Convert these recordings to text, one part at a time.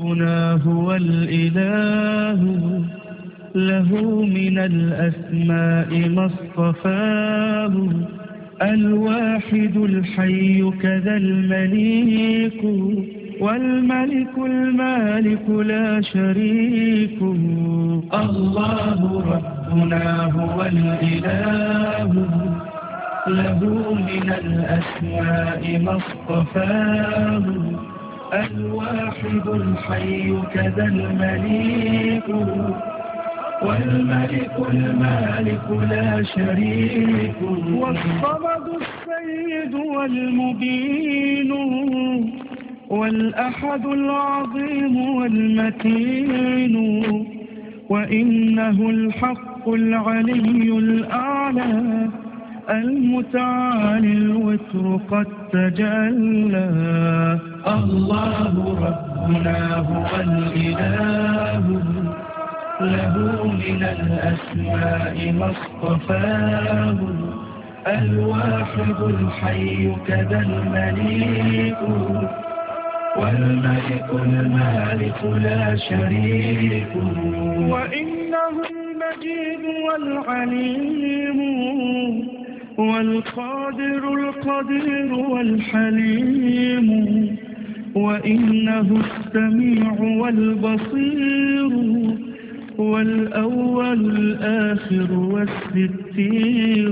ربنا هو الإله له من الأسماء ما اصطفاه الواحد الحي كذا المليك والملك المالك لا شريك الله ربنا هو الإله له من الأسماء ما اصطفاه الواحد الحي كذا المليك والملك المالك لا شريك والصمد السيد والمبين والأحد العظيم والمتين وإنه الحق العلي الأعلى المتعالي الوتر قد تجلى الله ربنا هو الإله له من الأسماء ما اصطفاه الواحد الحي كذا المليك والملك المالك لا شريك وإنه المجيد والعليم والقادر القدير والحليم وإنه السميع والبصير والأول الآخر والستير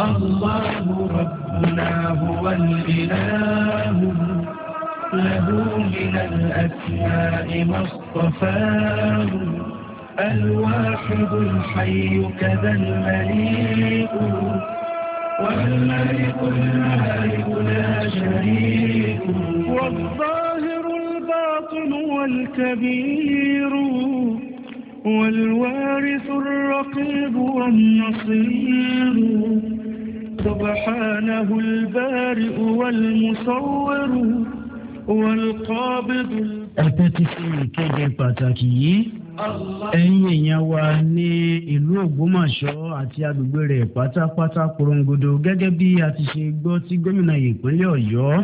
الله ربنا هو الإله له من الأسماء ما اصطفاه الواحد الحي كذا المليء والملك المالك لا شريك والظاهر الباطن والكبير والوارث الرقيب والنصير سبحانه البارئ والمصور والقابض الباطن. ẹ tẹ́tí sí ẹ̀yin èèyàn wa ní ìlú Ògbómọ̀ṣọ́ àti agbègbè rẹ̀ pátápátá korongodo gẹ́gẹ́ bí a ti ṣe gbọ́ tí gómìnà ìpínlẹ̀ Ọ̀yọ́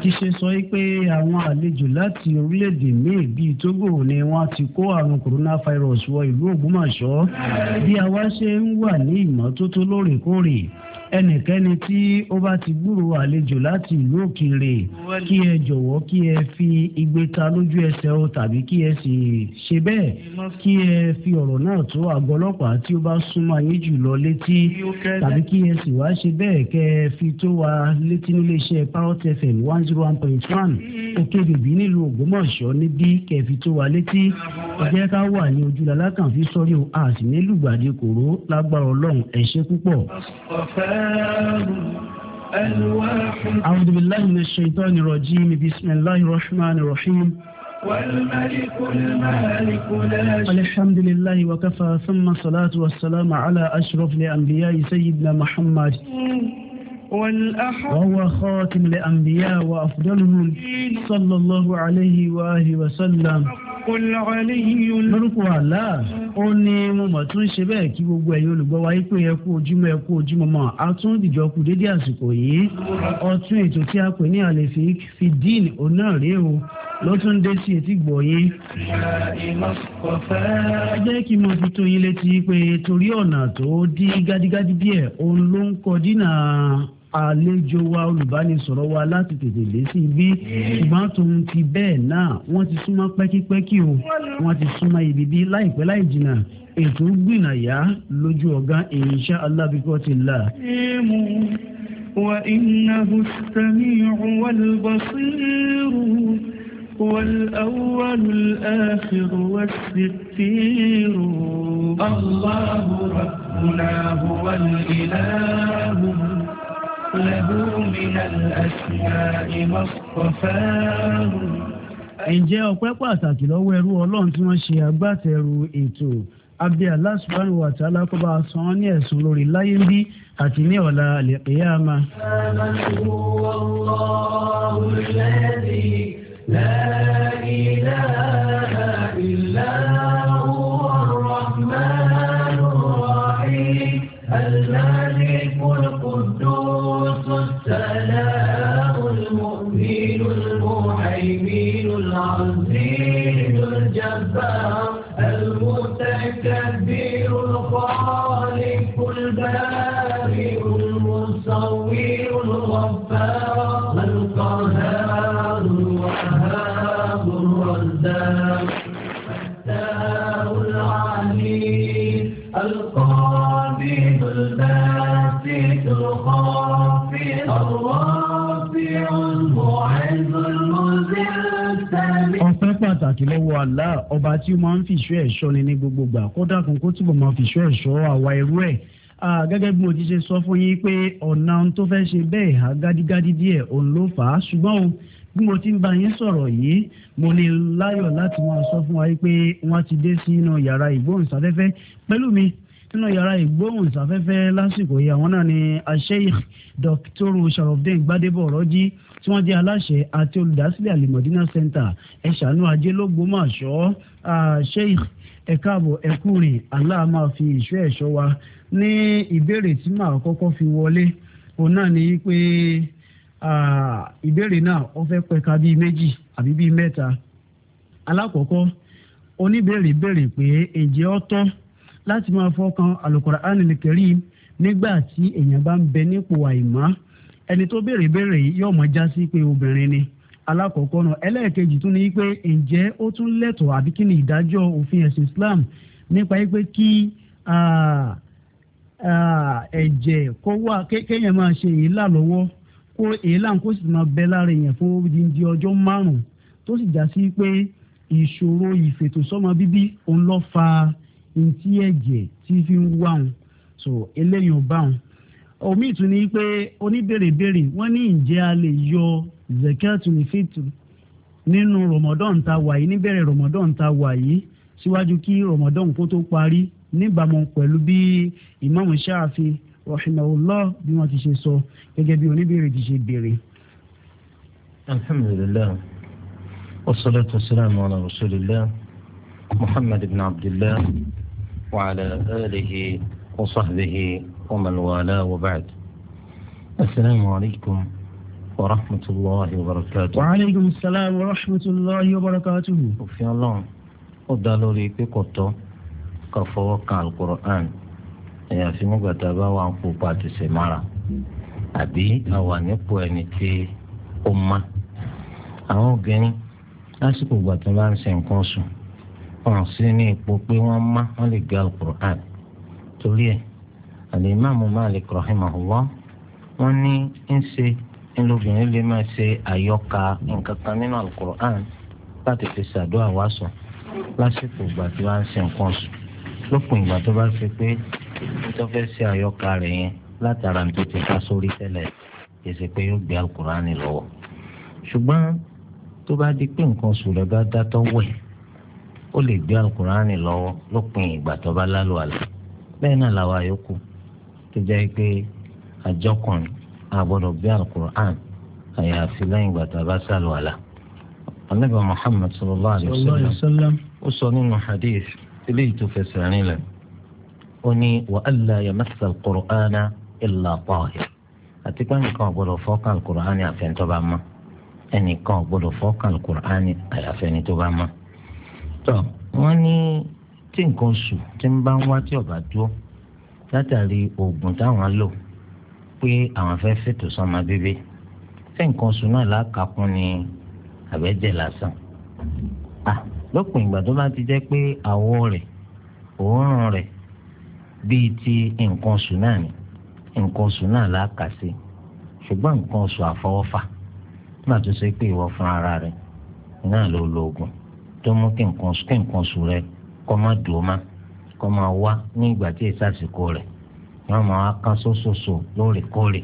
ti ṣe sọ pé àwọn àlejò láti orílẹ̀ míì bíi Togo ni wọ́n ti kó àrùn coronavirus wọ ìlú Ògbómọ̀ṣọ́ bí a wá ṣe ń wà ní ìmọ́tótó lóòrèkóòrè ẹnikẹ́ni tí ó bá ti gbúròó àlejò láti ìlú òkèèrè kí ẹ jọ̀wọ́ kí ẹ fi igbe ta lójú ẹsẹ̀ o tàbí kí ẹ sì ṣe bẹ́ẹ̀ kí ẹ fi ọ̀rọ̀ náà tó àgọ́ ọlọ́pàá tí ó bá súnmọ́ ayé jù lọ létí tàbí kí ẹ sì wá ṣe bẹ́ẹ̀ kẹ́ ẹ fi tó wa létí níléeṣẹ́ parrot fm one zero one point one òkè bèbí nílùú Ògbómọ̀ṣọ́ níbí kẹ́ ẹ fi tó wa létí ẹ jẹ́ ká wà ní ojú lalákàn fi sọ́rí o àti nílùgbàdì kòró lágbára Ọlọ́run ẹ ṣé púpọ̀. أعوذ بالله من الشيطان الرجيم بسم الله الرحمن الرحيم والملك المالك لا الحمد لله وكفى ثم الصلاة والسلام على أشرف الأنبياء سيدنا محمد وهو خاتم الأنبياء وأفضلهم صلى الله عليه وآله وسلم lórúkọ àlá ó ní mo mọ̀ tún ṣe bẹ́ẹ̀ kí gbogbo ẹ̀yin olùgbọ́ wa pé ẹ kú ojúmọ́ ẹ kú ojúmọ́ mọ́ a tún dìjọ kú dédé àsìkò yìí ọtún ètò tí a pè ní àlefi fidin ọ̀nà rèé o ló tún dé sí etí gbọ̀ yín. ẹ jẹ́ kí mo fi tó yín létí pé torí ọ̀nà tó dí gádígádí díẹ̀ òun ló ń kọ dínà àlejò wa olùbánisọ̀rọ̀ wa láti tètè dé sí ibi ṣùgbọ́n tòun ti bẹ́ẹ̀ náà wọ́n ti súnmọ́ pẹ́kípẹ́kí o wọ́n ti súnmọ́ ibi bí láìpẹ́ láì jìnnà ètò gbìnàyà lójú ọ̀gá insha Allah bi qawtillah. وإنه السميع والبصير والأول الآخر والستير الله ربنا هو الإله أخلدوا من الأسماء ما اصطفاهم ǹjẹ́ ọpẹ́ pàtàkì lọ́wọ́ ẹrú ọlọ́run tí wọ́n ṣe agbátẹrù ètò abẹ́ Allah subhanahu wa ta'ala kó bá san ní ẹ̀sùn lórí láyé ń bí àti ní ọ̀la àlẹ́kẹ́yàmá. لا إله إلا هو الرحمن الملك القدوس السلام المؤمن المهيمن العزيز الجبار ọpẹ́ pàtàkì lọ́wọ́ Allah ọba tí ó máa ń fìṣọ́ ẹ̀ṣọ́ ni ní gbogbo gbà kó dákun kó túbọ̀ máa fìṣọ́ ẹ̀ṣọ́ àwa irú ẹ̀ gẹ́gẹ́ bí mo ti ṣe sọ fún yín pé ọ̀nà tó fẹ́ ṣe bẹ́ẹ̀ ha gádígádí díẹ̀ òun ló fà á ṣùgbọ́n o bí mo ti ń bá yín sọ̀rọ̀ yìí mo ní láyọ̀ láti wọn sọ fún wa pé wọ́n ti dé sínú yàrá ìgbóhùnsáfẹ́fẹ́ pẹ̀lú mi sínú yàrá ìgbóhùnsáfẹ́fẹ́ lásìkò yìí àwọn náà ni asheikh dr sharofdin gbadebo ọ̀rọ̀jì tí wọ́n jẹ́ aláṣẹ àti olùdásílẹ̀ alimọ̀dínà center ẹ̀ṣánú ajé lógbómọ̀ṣọ́ sheikh ẹ̀káàbọ̀ ẹ̀kúrin Allah máa fi ìṣọ́ ẹ̀ṣọ́ wa ní ìbéèrè tí màá kọ́kọ́ fi wọlé òun náà ni pé ìbéèrè náà ó fẹ́ pẹ̀ka bíi méjì àbí bíi mẹ́ta alákọ̀ọ́kọ́ oníbèrè béèrè pé ǹjẹ́ ó tọ́ láti máa fọkàn Al-Qur'an al nígbà tí èèyàn bá ń bẹ nípò àìmọ́ ẹni tó béèrè béèrè yìí yóò mọ̀ já sí pé obìnrin ni alákọ̀ọ́kọ́ náà ẹlẹ́ẹ̀kejì tún ní pé ǹjẹ́ ó tún lẹ́tọ̀ọ́ àbí kí ni ìdájọ́ òfin ẹ̀sìn Islam nípa pé kí ẹ̀jẹ̀ kó wà kéèyàn máa ṣe èyí èélà lọ́wọ́ kó èyí èélà kó sì máa bẹ lára èèyàn fún odindi ọjọ́ márùn-ún tó sì já sí pé ìṣòro ìfètòsọ́mọ bíbí òun ló fa ntí ẹ̀jẹ̀ tí fi ń wá wọn so eléyìí ò bá wọn omi ìtún ni pé oníbèrèbèrè wọ́n ní ǹjẹ́ a lè yọ zakatul fitr nínú ramadan tá wà yìí níbẹ̀rẹ̀ ramadan tá wà yìí síwájú kí ramadan kó tó parí níbàámu pẹ̀lú bí imam ṣáàfi rahimahullah bí wọ́n ti ṣe sọ gẹ́gẹ́ bí oníbèrè ti ṣe béèrè. alhamdulilayi wasalaatu wasalaamu ala rasulillah muhammad ibn abdillah. وعلى آله وصحبه ومن والاه وبعد السلام عليكم ورحمة الله وبركاته وعليكم السلام ورحمة الله وبركاته وفي الله قدالوا لي بكتو كفوك القرآن يا في مغتبا وانفو باتي سمارا أبي àwa nípò ẹni tí ó má àwọn obìnrin lásìkò ìgbà wọn sí ní ipò pé wọ́n má wọ́n lè gbé alukur'an torí ẹ̀ alimami malik rahimahullah wọ́n ní ń ṣe ńlọbìnrin lè máa ṣe àyọkà nǹkan kan nínú alukur'an láti fi ṣàdúrà wá sùn lásìkò ìgbà tí wọ́n á ń ṣe nǹkan sùn lópin ìgbà tó bá ṣe pé tó fẹ́ ṣe àyọkà rẹ̀ yẹn látara tó ti ká sórí tẹ́lẹ̀ èsì pé yóò gbé alukur'an lọ́wọ́ ṣùgbọ́n tó bá di pé nǹkan sùn rẹ̀ bá dátọ́ wẹ̀ ó lè gbé alukurani lọ́wọ́ lópin ìgbà tó bá lálù àlà bẹ́ẹ̀ náà làwa yòókù tó jẹ́ pé àjọkùnrin àgbọ̀dọ̀ gbé alukurani àyàfi lẹ́yìn ìgbà tó bá sálù àlà. anabi muhammad sallallahu alayhi wa sallam ó sọ nínú hadith eléyìí tó fẹsẹ̀ rìn lẹ̀ ó ní wa alla yamassa alukurani illa tahir àti pé nǹkan ọ̀gbọ́dọ̀ fọ́ọ̀kan alukurani àfẹnitọ́ mọ́ ẹnìkan ọ̀gbọ́dọ̀ fọ́ọ̀kan alukurani àyàfẹnitọ́ mọ́ tọ́ wọ́n ní tí nǹkan oṣù tí ń bá ń wá tí ọ̀bà dúró látàrí oògùn táwọn lò pé àwọn fẹ́ fètò sọ́mọ bíbí tí nǹkan oṣù náà lákàkún ni àbẹ́jẹ̀ lásán. lópin ìgbà tó bá ti jẹ́ pé àwọ̀ rẹ̀ òórùn rẹ̀ bíi ti nǹkan oṣù náà ni nǹkan oṣù náà lákàsí ṣùgbọ́n nǹkan oṣù àfọwọ́fà nígbà tó ṣe pé ìwọ fún ara rẹ̀ náà ló lo oògùn tó mú kí nǹkan kí nǹkan sùn rẹ kọ́ má dùn ó má kọ́ máa wá ní ìgbà tí èsì àsìkò rẹ̀ wọ́n máa wá kán sóṣooṣo lóòrèkóòrè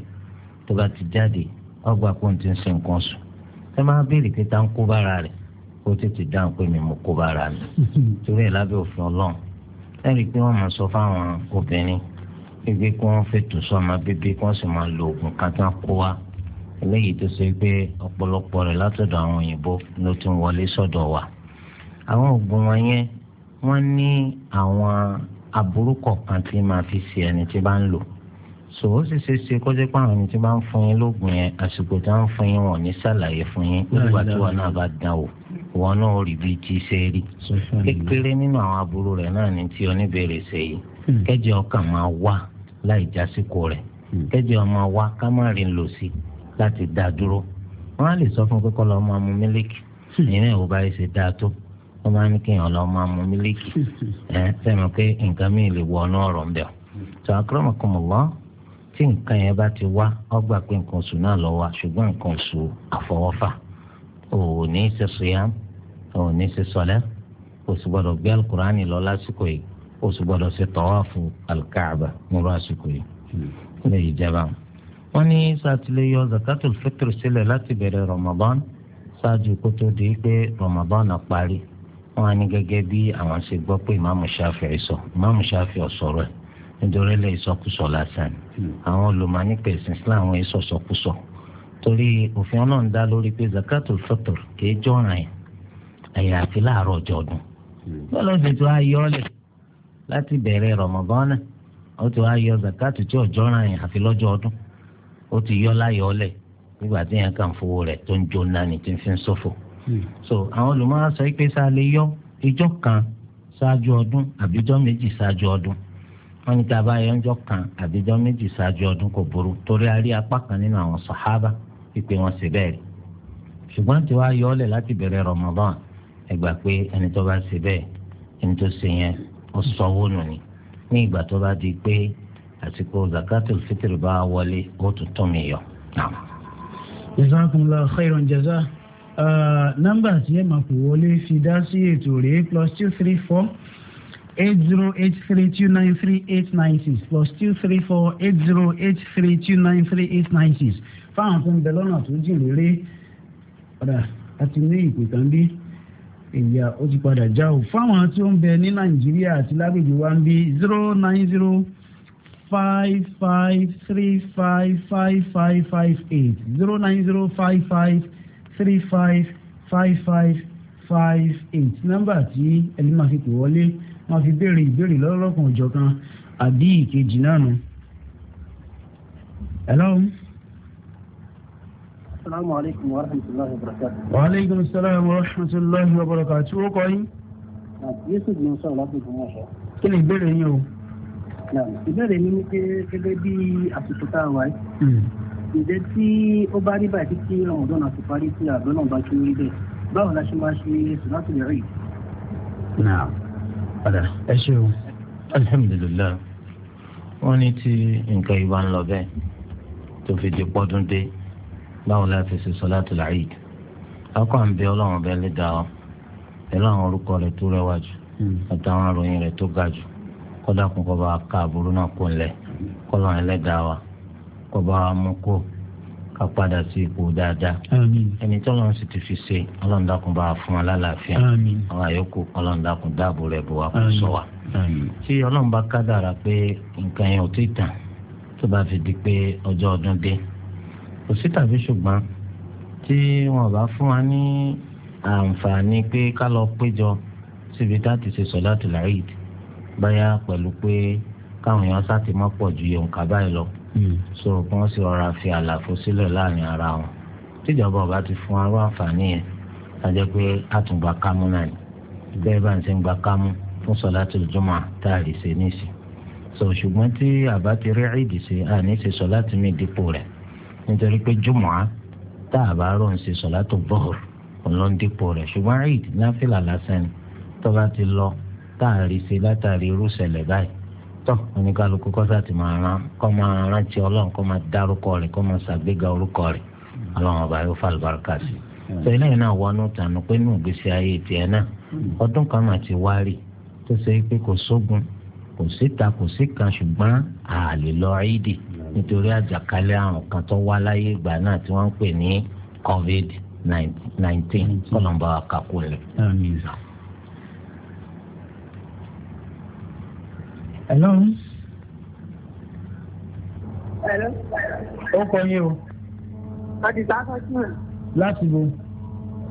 tó bá ti jáde wọ́n gbà pé òun ti ń ṣe nǹkan sùn ẹ máa béèrè pé ta ń kó bára rẹ̀ ó tètè dáhùn pé mi mo kó bára mi torí ẹ̀ lábẹ́ òfin ọlọ́run ẹ rí i pé wọ́n máa sọ fáwọn obìnrin gbígbé kí wọ́n fètò sọ́mọ bíbí kí wọ́n sì máa lo oògùn kan kó wa eléyìí tó ṣe pé ọ̀pọ̀lọpọ̀ rẹ̀ látọ̀dọ̀ àwọn òyìnbó ló ti ń wọlé sọ́dọ̀ wa àwọn oògùn wọn yẹn wọ́n ní àwọn aburú kọ̀ọ̀kan tí máa fi ṣe ẹni tí bá ń lò so ó sì ṣe ṣe kọjá pé àwọn ẹni tí bá ń fún yín lóògùn yẹn àsìkò tí wọ́n ń fún yín wọ́n ní ṣàlàyé fún yín nígbà tí wọ́n náà bá dán o wọ́n náà rí bíi ti ṣe rí kékeré nínú àwọn aburú rẹ̀ náà ni tí oníbèrè ṣe yìí hmm. kẹjọ ọkàn máa wá láì jásíkò rẹ̀ hmm. kẹjọ máa wá ká má rìn lò sí láti dá dúró wọ́n á lè sọ fún pé kọ́ lọ́ọ́ mu mílíkì ìyẹn hmm. ò bá yẹ ṣe dáa tó wọ́n máa ní kéèyàn lọ máa mu mílíkì ẹ̀ sẹ́mi pé nǹkan mi lè wọ ọ̀nà ọ̀rọ̀ ńbẹ̀ tó akramakumullah tí nǹkan yẹn bá ti wá ọ gbà pé nǹkan oṣù náà lọ wá ṣùgbọ́n nǹkan oṣù àfọwọ́fà òun ní í ṣe siyam òun ní í ṣe sọlẹ́ kò sì gbọ́dọ̀ gbé alukurani lọ lásìkò yìí kò sì gbọ́dọ̀ ṣe tọ́wáfù alikaaba nírú àsìkò yìí hmm. lè jẹba. wọ́n ní sátìlẹ̀ yọ zakatul fitr sílẹ̀ láti bẹ̀rẹ̀ Ramadan ṣáájú kó di pé Ramadan parí. wọn á ní gẹgẹ bí àwọn ṣe gbọ pé ìmáàmù ṣáfìí sọ ìmáàmù ṣáfìí ọ̀sọ̀rọ̀ ẹ nítorí lè sọkúsọ lásán àwọn olùmọ̀ nípa ẹ̀sìn Islam wọn torí òfin Ọlọ́run dá lórí pé zakato kìí ẹ̀ láàárọ̀ ọjọ́ ọdún ti láti bẹ̀rẹ̀ ó ti zakato zakatu tí ọjọ́ ràn àfi lọ́jọ́ ọdún ó ti so àwọn olùmọ̀ọ́ sọ pé sá lè yọ ìjọ kan ṣáájú ọdún àbíjọ méjì ṣáájú ọdún wọn ní tàbá yọ ọjọ́ kan àbíjọ méjì ṣáájú ọdún kò burú torí a rí apá kan nínú àwọn sàhábà pípé wọn sì bẹ́ẹ̀ rí ṣùgbọ́n tí wàá yọ ọ́lẹ̀ láti bẹ̀rẹ̀ Ramadan ẹ gbà pé ẹni tó bá ṣe bẹ́ẹ̀ ẹni tó ṣe yẹn ó sọwọ́ nù ni ní ìgbà tó bá di pé àsìkò zakatul fitr bá wọlé ó tún tún mi yọ. jazakumullahu khairan jazaa nọ́mbà tí ẹ máa pè wọlé fi dá sí ètò rèé plus two three four eight zero eight three two nine three eight nine six plus two three four eight zero eight three two nine three eight nine six fáwọn tó ń bẹ lọ́nà tó jìn lérè padà àti ní ìpè kan bí ìyá ó ti padà já o fáwọn tí ó ń bẹ ní nàìjíríà àti lágbègbè wa ń bí zero nine zero five five three five five five five eight zero nine zero five five three five five five five eight nọ́mbà tí ẹni máa fi pè wọlé máa fi béèrè ìbéèrè lọ́lọ́kan òjọ̀kan àbí ìkejì náà nù. hello. salaamu aleykum wa rahmatulahi wa barakatu. wa aleykum salaam wa rahmatulahi wa barakatu. ó kọ́ yín. yusuf ni sọ̀rọ̀ láti ìgbìmọ̀ ọ̀ṣọ́. kí ni ìbéèrè yín o. ìbéèrè mi ni pé gẹ́gẹ́ bí àsìkò tá a wáyé ǹjẹ́ tí ó bá rí báyìí tí ramadan àti parí tí àbẹ̀ náà bá tún rí bẹ́ẹ̀ báwo la ṣe máa ṣe sùnátù lè rí. náà padà ẹ ṣe o alhamdulilayi wọn ní tí nǹkan yìí bá ń lọ bẹ́ẹ̀ tó fi di pọ́dún dé báwo la fi ṣe sùnátù lè rí akọ à ń bẹ ọlọ́run ọbẹ̀ lè dá ọ pẹ̀lú àwọn orúkọ rẹ̀ tó rẹwà jù hmm. àtàwọn àròyìn rẹ̀ tó ga jù kọ́dà kún kọ́ bá náà kó ń lẹ̀ kọ́ wa kó bá wa mú kó ká padà sí ipò dáadáa ẹni tí Ọlọ́run sì ti fi ṣe Ọlọ́run bá wa fún wa lálàáfíà àwọn àyókù Ọlọ́run dákun dáàbò rẹ̀ bò wá kó sọ wa tí Ọlọ́run bá kádàrà pé nǹkan yẹn ò tí ì tàn tó bá fi di pé ọjọ́ ọdún dé kò sí tàbí ṣùgbọ́n tí wọn bá fún wa ní àǹfààní pé ká lọ péjọ síbi tá a ti ṣe láàyè báyà pẹ̀lú pé káwọn èèyàn sá ti má pọ̀ ju yòǹkà báyìí lọ. Hmm. so wọ́n sì rọra fi àlàfo sílẹ̀ láàrin ara wọn tíjọba ọba ti fún arú àǹfààní yẹn lájẹ́ pé àtúngbà kámú náà ni bẹ́ẹ̀ bá ń ṣe ń gba kámú fún sọ̀látùl jùmọ̀ tá a lè ṣe níìsì so ṣùgbọ́n tí àbá ti rí ìdì ṣe àní ṣe sọ̀látù mi dípò rẹ̀ nítorí pé jùmọ̀ tá a bá rò ń ṣe sọ̀látù bọ́ọ̀r ọlọ́n dípò rẹ̀ ṣùgbọ́n ìdì náfìlà lásán ni tó ti lọ tá a rí ṣe látàrí irú báyìí tán oníkàlùkù kọ́sà ti máa rán kọ́ máa rántí ọlọ́run kọ́ máa dárúkọ rẹ̀ kọ́ máa ṣàgbéga orúkọ rẹ̀ ọlọ́run ọba yóò fàlùbáràkà sí i tó eléyìí náà wọnú tànù pé nù gbèsè ayé tiẹ̀ náà ọdún kan máa ti wá rí tó ṣe pé kò sógun kò síta kò sí kan ṣùgbọ́n àlè lọ rídì nítorí àjàkálẹ̀ àrùn kan tó wá láyé ìgbà náà tí wọ́n ń pè ní covid nineteen kọ́lọ̀ ń bá wa kà Hello. Hello. Ó kọ yín o. Àdìsá Fatima. Láti bo.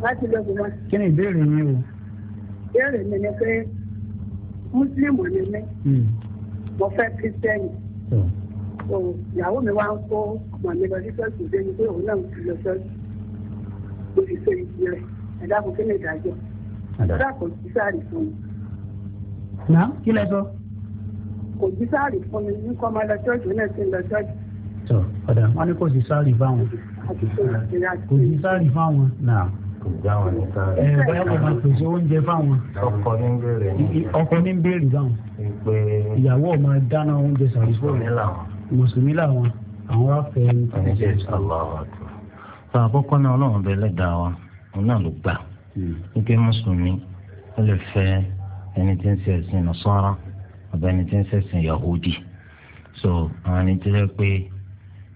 Láti lọ sí wọn. Kí ni ìbéèrè yín o? Ìbéèrè mi ni pé Mùsùlùmù ni mí. Hmm. Mo fẹ́ Kírísítẹ́nì. Ìyàwó mi wá ń kó ọmọ mi lọ sí ṣọ́ọ̀ṣì ìdí ẹni pé òun náà ti lọ ṣọ́ọ̀ṣì. Mo sì ṣe ìdí rẹ̀. Ẹ̀dá kò kí ni ìdájọ́? Ẹ̀dá kò sí sáà nìkan. Nà kí lẹ sọ? So? kò jí sáàrì fún mi ní kọ́ máa lọ ṣọ́ọ̀ṣì náà ti ń lọ ṣọ́ọ̀ṣì. tọ ọ̀dà wọn ni kò jí sáàrì fáwọn kò jí sáàrì fáwọn náà ìjáwọn ní sáré. ẹ bóyá mo máa pèsè oúnjẹ fáwọn. ọkọ ní béèrè ní. ọkọ ní béèrè báwọn. ìpè. ìyàwó máa dáná oúnjẹ sàrí fún mi. mùsùlùmí làwọn àwọn wá fẹ́ ẹni tó ń jẹ. sọ àkọ́kọ́ náà ọlọ́run bẹ lẹ́dàá wa òun náà ló gbà. wípé hmm. mùsùlùmí ó lè fẹ́ ẹni tí ń ṣe ẹ̀sìn Nasara abẹni tí ń ṣẹ̀sìn yahudi so àwọn ẹni tí wọ́n pé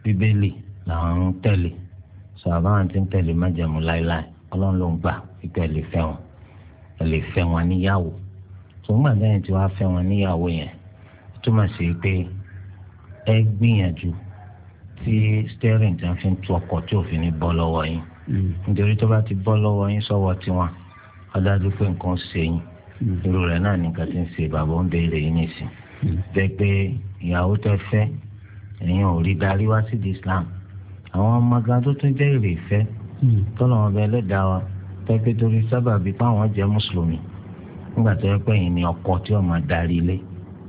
bíbélì làwọn ń tẹ̀lé so àbáwọn tí ń tẹ̀lé májẹ̀mú láéláé ọlọ́run ló ń gbà pípẹ́ ẹ lè fẹ́ wọn ẹ lè fẹ́ wọn níyàwó so ń gbàgbé yẹn tí wọ́n á fẹ́ wọn níyàwó yẹn túmọ̀ sí pé ẹ gbìyànjú tí steering tí wọ́n fi ń tu ọkọ̀ tí òfin ní bọ́ lọ́wọ́ yín mm. nítorí tó bá ti bọ́ lọ́wọ́ yín sọ́wọ́ tiwọn ọ̀dájú pé nǹkan ṣe yín irú rẹ̀ náà nìkan ti ń ṣe bàbá ń béèrè yín nìsín bẹ́ẹ̀ mm. pé ìyàwó tẹ́ fẹ́ ẹ̀yin ò rí darí wá sí Islam àwọn ọmọ gan tó tún jẹ́ èrè ìfẹ́ mm. tọ́lọ̀ wọn bẹ ẹlẹ́dàá wa tẹ́ pé torí sábà bíi páwọn jẹ́ mùsùlùmí nígbà tó yẹ pé ẹ̀yin ni ọkọ tí wọ́n máa darí ilé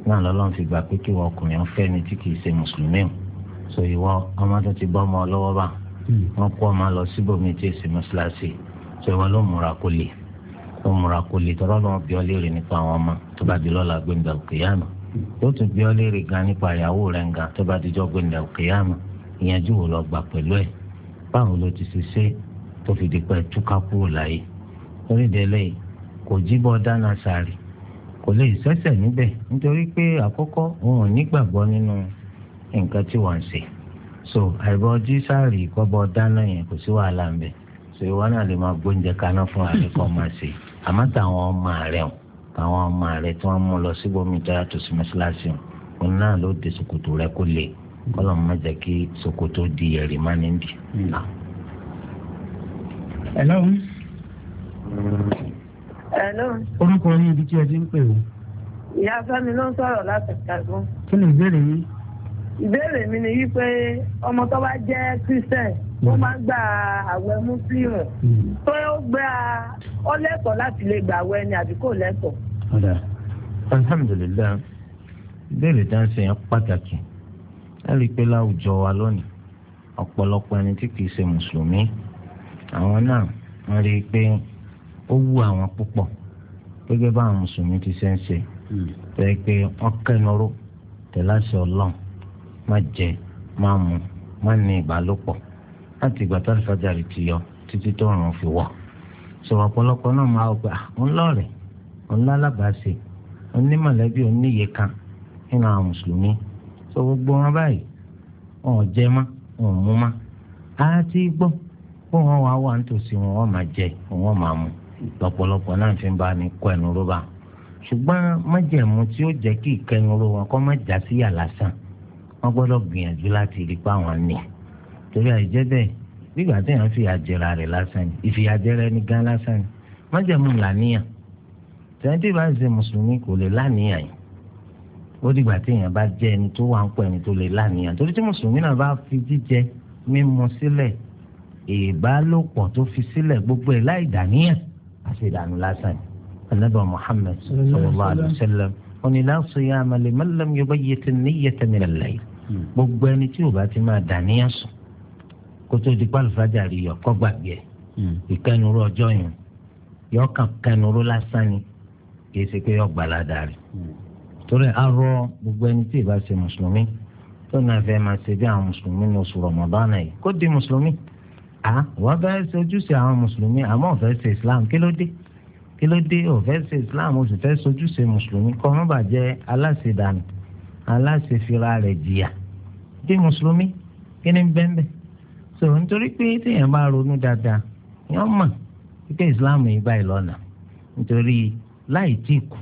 náà lọ́lọ́run fi gbà pé kí wọ́n ọkùnrin ọ̀fẹ́ ni tí kì í ṣe mùsùlùmí o so ìwọ ọmọ tó ti bọ́ ọmọ lọ́wọ́ bá mm. wọn kó ọmọ lọ síbòmí tí èsì mọ́ṣáláṣí so ìwọ ló múra kó lè. kó múra kó le tọrọ lọ́wọ́ bí ọ léèrè nípa àwọn ọmọ tó bá di lọ́la gbẹ̀ndà òkèèyàmù yóò tún bí ọ léèrè gan nípa ìyàwó rẹ̀ gan tó bá di jọ́ ìyànjú wò pẹ̀lú ẹ̀ báwo sáré kò lè nítorí pé òun ò nínú nǹkan so sáré dáná yẹn kò sí wàhálà ń so náà fún máa àmọ́ táwọn ọmọ rẹ̀ o táwọn ọmọ rẹ̀ tí wọ́n mú lọ síbòmí tó yàtọ̀ sí mọ́ṣáláṣí o òun náà ló de ṣòkòtò rẹ̀ kó le kọ́lọ̀ má jẹ́ kí ṣòkòtò di ẹ̀rì má ní bì. hello. hello. orúkọ yín ibi tí ẹ ti ń pè o. ìyá fẹ́mi ló ń sọ̀rọ̀ láti ṣàgbọ́n. kí ni ìbéèrè yín. ìbéèrè mi ni wípé ọmọ tó bá jẹ́ christian ó hmm. máa ń gba àwẹ̀ mùsùlùmù hmm. tó ó gba ọ lẹ́tọ̀ọ́ láti lè gba àwẹ̀ ni àbí kò lẹ́tọ̀ọ́. alhamdulilayi ìbéèrè tá ń ṣe yẹn pàtàkì ẹ rí i pé láwùjọ wa lónìí ọ̀pọ̀lọpọ̀ ẹni tí kìí ṣe mùsùlùmí àwọn náà wọ́n rí i pé ó wù àwọn púpọ̀ gẹ́gẹ́ bá àwọn mùsùlùmí ti ṣe ń ṣe hmm. tẹ́ pé wọ́n kẹ́nuró tẹ̀láṣẹ ọlọ́run má jẹ má mu má ní ìbálòpọ̀ láti ìgbà tó àlùfáàjàrì ti yọ títí tó ràn fi wọ̀ sọ̀rọ̀ ọ̀pọ̀lọpọ̀ náà máa gbà ah, ńlọrẹ̀ ńlálábàáṣe onímọ̀lẹ́bí oníyè kan nínú àwọn mùsùlùmí tó gbogbo wọn báyìí wọn ò jẹ mọ́ wọn ò mú mọ́ á ti gbọ́ kó wọn wá wà nítòsí wọn wọn máa jẹ wọn máa mu lọ́pọ̀lọpọ̀ náà fi ń bá ní kọ ẹnu rọ́bà ṣùgbọ́n májẹ̀mú tí ó jẹ́ kí ìkẹnu ró wọn kọ́ má já sí yà lásán wọ́n gbọ́dọ̀ gbìyànjú láti rí pa àwọn nìyẹn torí àìjẹ́ bẹ́ẹ̀ nígbà tí èèyàn fi àjẹrà rẹ̀ lásán ni ìfìyàjẹrà ẹni gan lásán ni májẹ̀mú làníyàn tẹ̀yìn tí ìbá ń ṣe mùsùlùmí kò lè láníyàn yìí ó dìgbà tí èèyàn bá jẹ́ ẹni tó wà ń pọ̀ ẹni tó lè láníyàn torí tí mùsùlùmí náà bá fi jíjẹ mímu sílẹ̀ ìbálòpọ̀ tó fi sílẹ̀ gbogbo ẹ̀ láì dàníyàn àti ìdànù lásán ni anabi muhammed sallallahu alayhi wa sallam oní láṣọ yá kó tó di pálífàjà rí yọ kọ́ gbàgbé ẹ̀ hmm. ìkẹnuró ọjọ́ yẹn yọ kàn kẹnuró lásán ni kì í ṣe pé yọ gbàládà rẹ̀ hmm. torí arọ gbogbo ẹni tí ì mùsùlùmí tó náà fẹ́ máa ṣe bí àwọn mùsùlùmí ní oṣù Ramadan yìí kó di mùsùlùmí à wọ́n fẹ́ ṣe ojúṣe àwọn mùsùlùmí àmọ́ ò ṣe Islam kí ló dé kí ló dé ò ṣe Islam ó sì fẹ́ ṣojúṣe mùsùlùmí kọ́ má bàa jẹ́ aláṣẹ̀dànù aláṣẹ̀fira rẹ̀ jìyà di mùsùlùmí kí ni bẹ́ẹ̀ bẹ́ẹ̀ so nítorí pé téèyàn bá ronú dáadáa yẹn mọ̀ pé islam yìí báyìí lọ́nà nítorí láì tí kù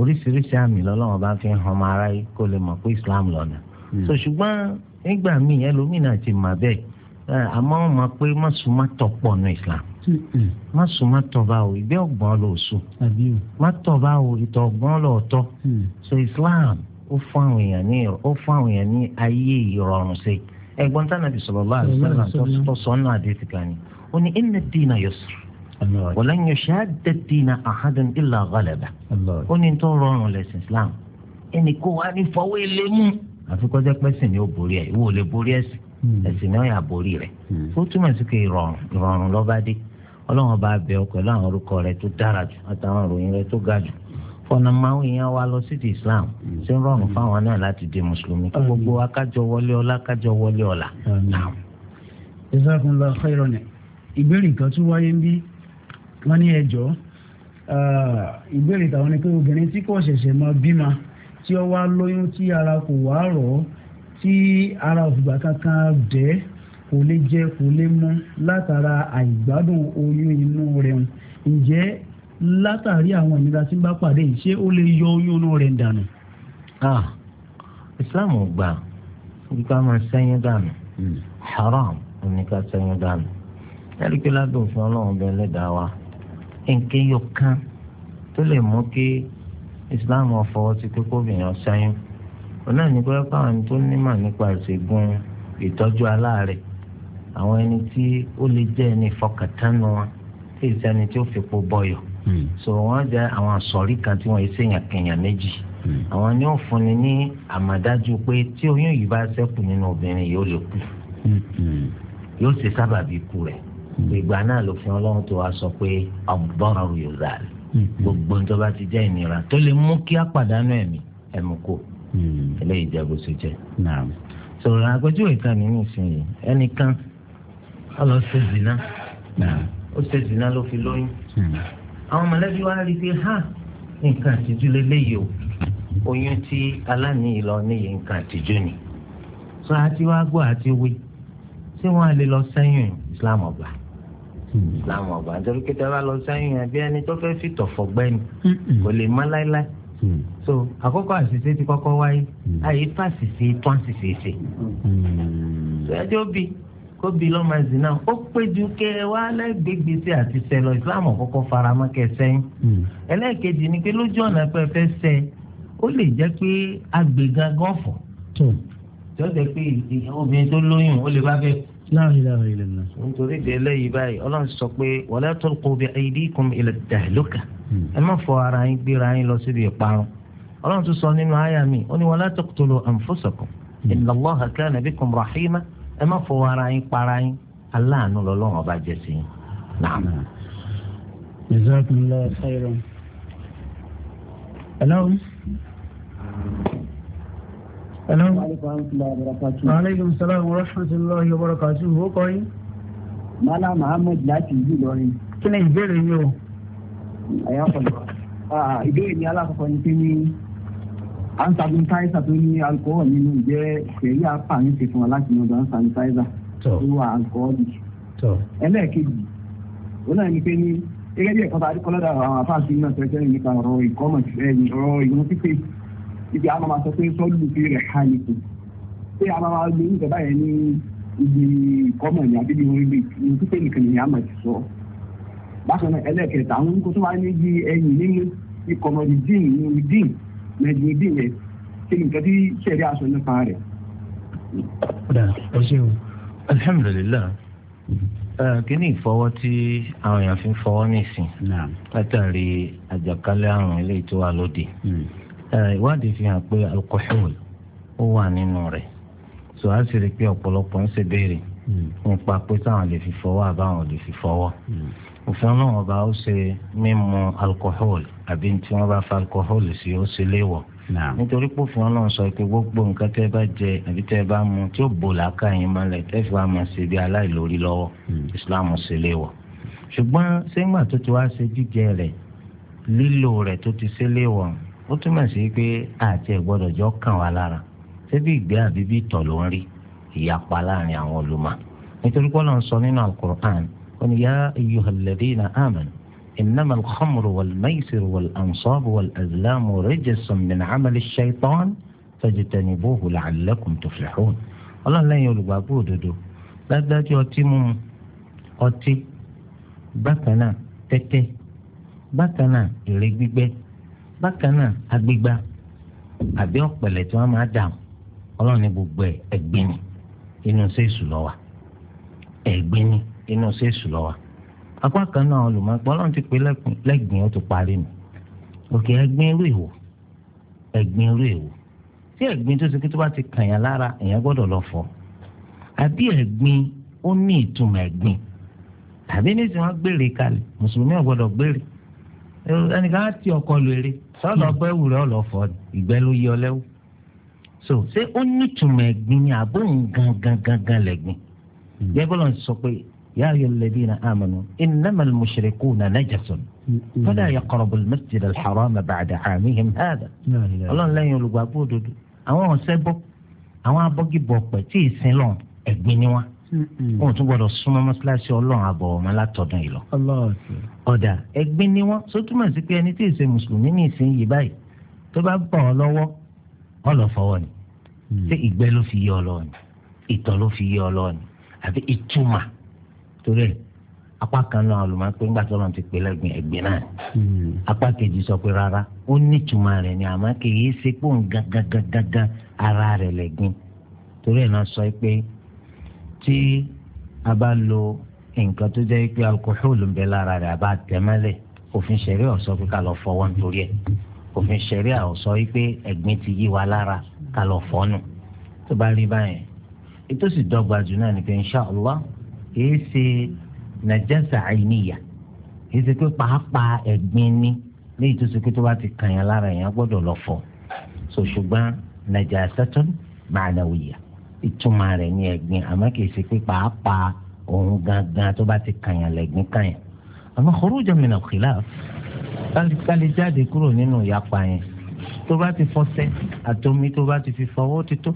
oríṣiríṣi àmì lọ́lọ́wọ́n bá fi hàn ọmọ ara kó lè mọ̀ pé islam lọ́nà hmm. so ṣùgbọ́n nígbà míì ẹlòmínà ti mà bẹ́ẹ̀ eh, àmọ́ wọn mọ̀ pé mọ̀sùnmá pọ̀ nù islam mọ̀sùnmá hmm. tọ̀ bá o ìgbẹ́ ọ̀gbọ́n lò sùn má bá o ìtọ̀ ọ̀gbọ́n lò tọ̀ hmm. so islam ó fún àwọn èèyàn ní ayé ìrọ̀rùn sí i ẹ̀gbọ́n tánàbì sallallahu alaihi wasallam tó sọ ọ́nà àdé ti kàn ní ó ní inna ad-dina yusr wa lan yushadda ad-dina ahadan illa ghalaba ó ní tó rọrùn lẹ́sìn islam ẹnì kó wa ní fọwọ́ ilé mú àfikọ́jọ́ pẹ́sìn ni ó borí ẹ̀ ìwọ lè borí ẹ̀sìn hmm. ẹ̀sìn náà yà borí rẹ̀ hmm. ó túmọ̀ sí pé ìrọ̀rùn lọ́ba dé ọlọ́run bá bẹ̀ ọ́ pẹ̀lú orúkọ rẹ̀ tó dára jù àtàwọn ìròyìn rẹ̀ tó ga jù fọnà máwọn èèyàn wa lọ sí ti islam ṣé mm. ń rọrùn fáwọn náà láti di mùsùlùmí gbogbo wa kájọ wọlé ọlá kájọ wọlé ọlá. jazakumullahu khairan ni ìbéèrè kan tún wáyé ń bí wọ́n ní ẹjọ́ ìbéèrè tàwọn ni pé obìnrin tí kò ṣẹ̀ṣẹ̀ máa bímọ tí ó wá lóyún tí ara kò wá rọ̀ tí ara òfìgbà kankan dẹ̀ kò lè jẹ kò lè mu látara àìgbádùn oyún inú rẹ̀ ǹjẹ́ látàrí àwọn ìnira tí ń bá pàdé yìí ṣé ó lè yọ oyún inú rẹ̀ dànù. Ah, islam ò gbà nípa máa sẹ́yìn dànù hmm. haram oníka sẹ́yìn dànù ẹ̀rí pé lábẹ́ òfin ọlọ́run bẹ́ẹ̀ lẹ́dàá wa nǹkan yọ kán tó lè mú kí islam ọ̀fọwọ́ ti pé kóbìnrin ọ̀sẹ́yìn ọ̀nà ìníkọ́ ẹ̀kọ́ àwọn tó nímọ̀ nípa ìṣègùn ìtọ́jú aláàárẹ̀ àwọn ẹni tí ó lè jẹ́ ẹni fọkàtánu wọn tí ìsẹ́ni tí ó fipò bọ̀yọ̀ Hmm. so wọ́n jẹ́ àwọn àsọ̀rí kan tí wọ́n ṣèyàn kẹyàn méjì hmm. àwọn ni ó fúnni ní àmọ̀dájú pé tí oyún yìí bá ṣẹ́kù nínú obìnrin yìí ó lè kú yóò ṣe sábàbí ikú rẹ̀ hmm. ìgbà náà lòfin ọlọ́run tó wá sọ pé ọ̀gbọ́n ọ̀rọ̀ yóò zà gbogbo ń tó bá ti jẹ́ ìnira tó lè mú kí á pàdánù ẹ̀mí ẹ̀mú kò eléyìí jẹ́ bó ṣe jẹ́. sọ̀rọ̀ àpèjúwe kan nínú ìsinyìí ẹnìkan ọlọ́ọ̀ zina ó ṣe zina ló fi lóyún àwọn mọ̀lẹ́bí wa rí i pé ha nǹkan àtijú lélẹ́yìí o oyún tí aláníyìí lọ níyìí nǹkan àtijú ni sọ àti wá gbọ́ àti wí tí wọ́n á lè lọ sẹ́yìn Islam ọgbà Islam ọgbà nítorí pé tẹ́lá lọ sẹ́yìn àbí ẹni tó fẹ́ fìtọ̀ fọ̀gbẹ́ni kò lè má láéláé mm. so àkọ́kọ́ àṣìṣe ti kọ́kọ́ wáyé mm. àyè fàṣìṣe tó àṣìṣe ṣe. Mm. ṣé ẹjọ́ bíi kóbi lọ́mọ ẹ̀sìn náà ó péjú kẹ wá lẹ́gbẹ̀gbẹ̀sẹ̀ àti sẹlọ islam kọ́kọ́ faramọ́ kẹsẹ́yìn hmm. ẹlẹ́ẹ̀kejì ni pé lójú ọ̀nà pé fẹ́ sẹ ó lè jẹ́ pé agbègán gọ́fọ̀ tó jẹ́ pé obìnrin tó lóyún ó lè bá fẹ́. nítorí ìdẹ́lẹ́ yìí báyìí ọlọ́run sọ pé wala tulqu bi aydikum ila tahluka hmm. ẹ má fọ ara yín gbéra yín lọ síbi ìparun ọlọ́run tún sọ nínú àyà mi ó ní wala taqtulu anfusakum hmm. inna Allaha kana bikum rahima ẹ má fọwọ́ ara yín para yín aláàánú lọ́lọ́run ọba jẹ́ sí yín. naam. jazakumullah khairan. hello. hello. maaleykum salaam wa rahmatulahi wa barakatuhu o kọ́ yín. mala muhammed láti ìlú Ìlọrin. kí ni ìbéèrè yín o. ẹ̀yà kọ̀ọ̀kan ah, ìbéèrè mi alákọ̀ọ́kọ́ ni pé ní. An sanitizer tó ní alcohol nínú ìjẹ́ ìfẹ̀rí apààyàn ṣe fún wa láti mọ̀ gbọ́n sanitizer tó wà alcohol yìí. ẹlẹ́ẹ̀kejì ó náà ní pé ní gẹ́gẹ́ bí ẹ̀kọ́ bá rí kọ́lọ́dà àwọn afáàṣì náà tẹ́tẹ́ nípa ọ̀rọ̀ ìkọ́mọ̀ ọ̀rọ̀ ìwọ̀n pípé ibi àwọn máa sọ pé sọ́ọ́lù fi rẹ̀ ha ni kù pé àwọn máa lo oúnjẹ báyẹn ní ibi ìkọ́mọ̀ ní àbí ìwọ̀n ibi ìwọ̀n pípé nìkan ni àmọ̀ ti sọ. bákan náà ẹlẹ́ẹ̀kẹta àwọn oníkó tó wá ní ibi ẹyìn nínú ikọ̀mọ̀ ìdín nàìjíríà yẹn kí ni nǹkan tí sẹ́ẹ̀rí aṣọ nípa rẹ̀. ọ̀sẹ̀ o alihamudulilayi kíní ìfọwọ́ tí àwọn èèyàn fi ń fọwọ́ nìsín látàrí àjàkálẹ̀ àrùn eléyìí tó wà lóde hmm. ìwádìí fi hàn pé alcohol ó wà nínú rẹ̀ so a sì rí i pé ọ̀pọ̀lọpọ̀ ń ṣe béèrè hmm. nípa pé táwọn lè fi fọwọ́ àbáwọn lè fi fọwọ́. Hmm òfin náà ọba ó ṣe mímu alcohol àbí tí wọ́n bá fa alcohol sí ó ṣe léèwọ̀ nítorí pé òfin náà sọ pé gbogbo nǹkan tẹ́ bá jẹ àbí tẹ́ bá mu tí ó bò láàkà yín mọ́lẹ̀ tẹ́ fi wá máa ṣe bí aláìlórí lọ́wọ́ hmm. Islam ṣe léèwọ̀ ṣùgbọ́n sẹ́gbà tó ti wá ṣe jíjẹ rẹ̀ lílò rẹ̀ tó ti ṣe léèwọ̀ ó túmọ̀ sí pé àti ẹ̀gbọ́dọ̀ jọ kàn wá lára ṣebí ìgbẹ́ àbí bí ìtọ̀ ló ń rí ìyapa láàrin àwọn olùmọ̀ nítorí pé Ọlọ́run sọ nínú al wọn yá ayyuhalladhina amanu إنما الخمر والميسر والأنصاب والأزلام رجس من عمل الشيطان فاجتنبوه لعلكم تفلحون Ọlọ́run lẹ́yìn olùgbàgbọ́ òdodo dájúdájú ọtí mímu ọtí bákan náà tẹ́tẹ́ bákan náà èrè gbígbẹ bákan náà agbégbá àbí ọ̀pẹ̀lẹ̀ tí wọ́n máa dà Ọlọ́run ní gbogbo ẹ̀ ẹ̀gbin inú sẹ́ẹ̀sù lọ́wọ́ ẹ̀gbin inú sẹ́ẹ̀sù lọ́wọ́ apá kan náà olùmọ̀gbọ́n náà ti pé lẹ́gbìn ó ti parí mi òkè ẹ̀gbin irú èwo ẹ̀gbin irú èwo tí ẹ̀gbin tó ṣe kí tó bá ti kàn yàn lára èèyàn gbọ́dọ̀ lọ fọ̀ àbí ẹ̀gbin ó ní ìtumọ̀ ẹ̀gbin tàbí ní tí wọ́n gbèrè kalẹ̀ mùsùlùmí ò gbọ́dọ̀ gbèrè ẹnìkan á ti ọkọ lu eré sọlọ pé wùrẹ́ ọlọ́fọ̀ ìgbẹ́ ló yọ lẹ́wọ̀ so ṣé ó ní ìtumọ̀ ẹ̀gbin ni àbóhùn gangan gangan lẹ̀gbin hmm. gbẹ́bọ́lọ́ sọ pé يا أيها الذين آمنوا إنما المشركون نجس فلا يقرب المسجد الحرام بعد عامهم هذا الله لا يلقى بودد àwọn سبب àwọn abọ́gibọ̀ pẹ̀ tí ìsìn lọ ẹ̀gbin ni wọn. wọn ò tún gbọdọ̀ súnmọ́ mọ́ṣáláṣí ọlọ́run àbọ̀ ọmọ látọ̀dún yìí lọ. ọ̀dà ẹ̀gbin ni wọn sọ túmọ̀ sí pé ẹni tí ìsìn mùsùlùmí ní ìsìn yìí báyìí tó bá bọ̀ ọ lọ́wọ́ ọ ni. ṣé ìgbẹ́ ló fi yé ọ lọ́ọ̀ ni ìtọ̀ ló fi yé ọ lọ́ọ̀ ni àbí ìtumà torí ẹ̀ apá kan náà olùmọ̀ pé ńgbà tó lọ́n ti pè lẹ́gbìn ẹ̀gbìn náà hmm. apá kejì sọ pé rárá ó nítumọ̀ rẹ̀ ni àmọ́ kì í ṣe pò ń gangan ara rẹ̀ lẹ́gbìn torí ẹ̀ náà sọ pé tí a bá lo nǹkan tó jẹ́ pé alukóhólù ń bẹ lára rẹ̀ a bá tẹ̀ mọ́lẹ̀ òfin ṣẹ̀rí ọ̀sọ́ pé ká lọ fọwọ́ nítorí ẹ̀ òfin ṣẹ̀rí ọ̀sọ́ pé ẹ̀gbìn ti yí wa lára ká lọ fọ́ nù tó bá rí báyẹn ètò sì dọ́gba jù náà ni pé inṣàlá kìí ṣe nàjẹ́sà àìníyà kìí ṣe pé pàápàá ẹ̀gbin ni léyìí tó ṣe pé tó bá ti kàn yàn lára yẹn gbọ́dọ̀ lọ fọ̀ so ṣùgbọ́n najasatun ma'nawiyya ìtumọ̀ rẹ̀ ní ẹ̀gbin àmọ́ kìí ṣe pé pàápàá òun gangan tó bá ti kàn yàn lẹ́gbin kàn yàn àmọ́ khurujan min al-khilaf kálí jáde kúrò nínú ìyapa yẹn tó bá ti fọṣẹ àtomi tó bá ti fi fọwọ́ ti tó